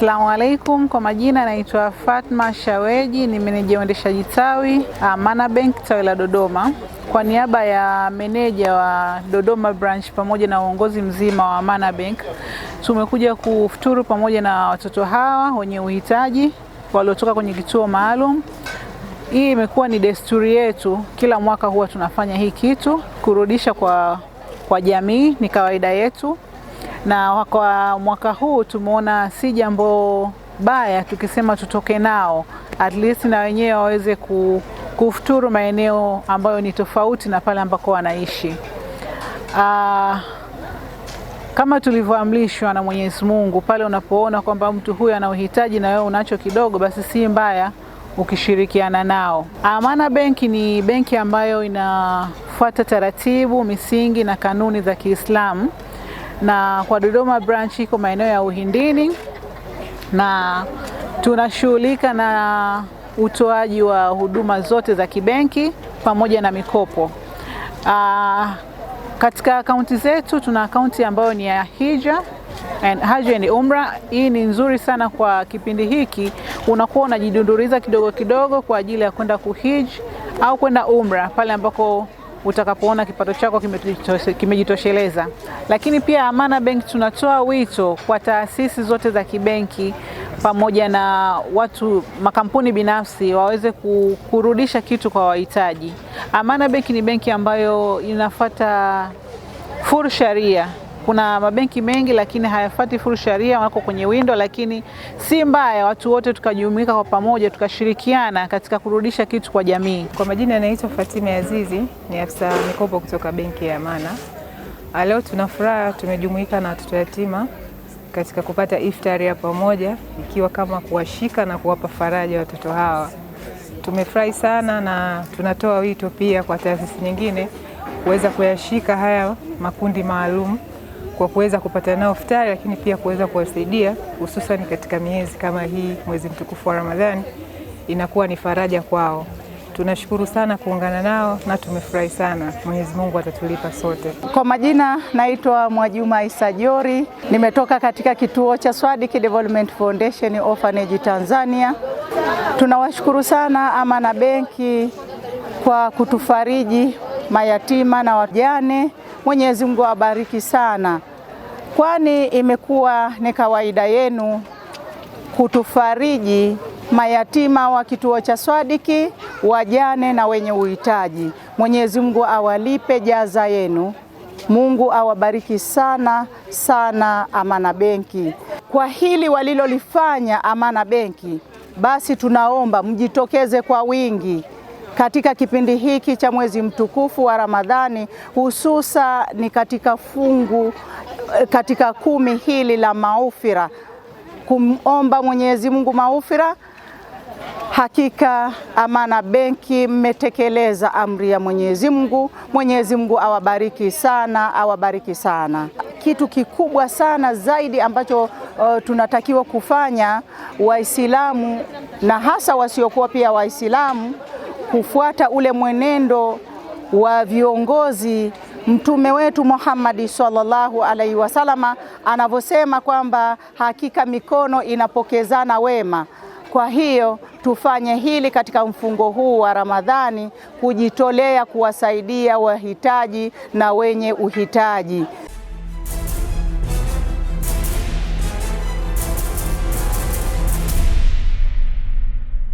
Asalamu alaikum, kwa majina naitwa Fatma Shaweji, ni meneja uendeshaji tawi Amana uh, Bank tawi la Dodoma. Kwa niaba ya meneja wa Dodoma branch pamoja na uongozi mzima wa Amana Bank tumekuja kufuturu pamoja na watoto hawa wenye uhitaji waliotoka kwenye kituo maalum. Hii imekuwa ni desturi yetu, kila mwaka huwa tunafanya hii kitu kurudisha kwa, kwa jamii, ni kawaida yetu na kwa mwaka huu tumeona si jambo baya tukisema tutoke nao at least na wenyewe waweze kufuturu maeneo ambayo ni tofauti na pale ambako wanaishi. Aa, ah, kama tulivyoamlishwa na Mwenyezi Mungu, pale unapoona kwamba mtu huyu ana uhitaji na wewe unacho kidogo, basi si mbaya ukishirikiana nao. Amana ah, Benki ni benki ambayo inafuata taratibu, misingi na kanuni za Kiislamu na kwa Dodoma branch iko maeneo ya Uhindini, na tunashughulika na utoaji wa huduma zote za kibenki pamoja na mikopo. Aa, ah, katika akaunti zetu tuna akaunti ambayo ni ya hija and haji and umra. Hii ni nzuri sana kwa kipindi hiki, unakuwa unajidunduriza kidogo kidogo kwa ajili ya kwenda kuhiji au kwenda umra pale ambako utakapoona kipato chako kimejitosheleza. Lakini pia Amana Bank tunatoa wito kwa taasisi zote za kibenki pamoja na watu makampuni binafsi waweze kurudisha kitu kwa wahitaji. Amana Bank ni benki ambayo inafuata fur sharia. Kuna mabenki mengi lakini hayafati full sharia, wako kwenye windo, lakini si mbaya watu wote tukajumuika kwa pamoja, tukashirikiana katika kurudisha kitu kwa jamii. Kwa majina anaitwa Fatime Azizi, ni afisa mikopo kutoka benki ya Amana. Ah, leo tuna furaha tumejumuika na watoto yatima katika kupata iftari ya pamoja, ikiwa kama kuwashika na kuwapa faraja watoto hawa. Tumefurahi sana na tunatoa wito pia kwa taasisi nyingine kuweza kuyashika haya makundi maalum kwa kuweza kupata nao futari, lakini pia kuweza kuwasaidia hususan katika miezi kama hii, mwezi mtukufu wa Ramadhani, inakuwa ni faraja kwao. Tunashukuru sana kuungana nao na tumefurahi sana. Mwenyezi Mungu atatulipa sote. Kwa majina, naitwa Mwajuma Isa Jori, nimetoka katika kituo cha Swadiki Development Foundation Orphanage Tanzania. Tunawashukuru sana Amana Benki kwa kutufariji mayatima na wajane. Mwenyezi Mungu awabariki sana kwani imekuwa ni kawaida yenu kutufariji mayatima wa kituo cha Swadiki, wajane na wenye uhitaji. Mwenyezi Mungu awalipe jaza yenu. Mungu awabariki sana sana Amana Benki kwa hili walilolifanya Amana Benki. Basi tunaomba mjitokeze kwa wingi katika kipindi hiki cha mwezi mtukufu wa Ramadhani, hususa ni katika fungu Eh, katika kumi hili la maufira, kumomba Mwenyezi Mungu maufira. Hakika Amana Benki mmetekeleza amri ya Mwenyezi Mungu. Mwenyezi Mungu awabariki sana, awabariki sana. Kitu kikubwa sana zaidi ambacho uh, tunatakiwa kufanya Waislamu na hasa wasiokuwa pia Waislamu kufuata ule mwenendo wa viongozi Mtume wetu Muhammadi sallallahu alaihi wasallama anavyosema kwamba hakika mikono inapokezana wema. Kwa hiyo tufanye hili katika mfungo huu wa Ramadhani, kujitolea kuwasaidia wahitaji na wenye uhitaji.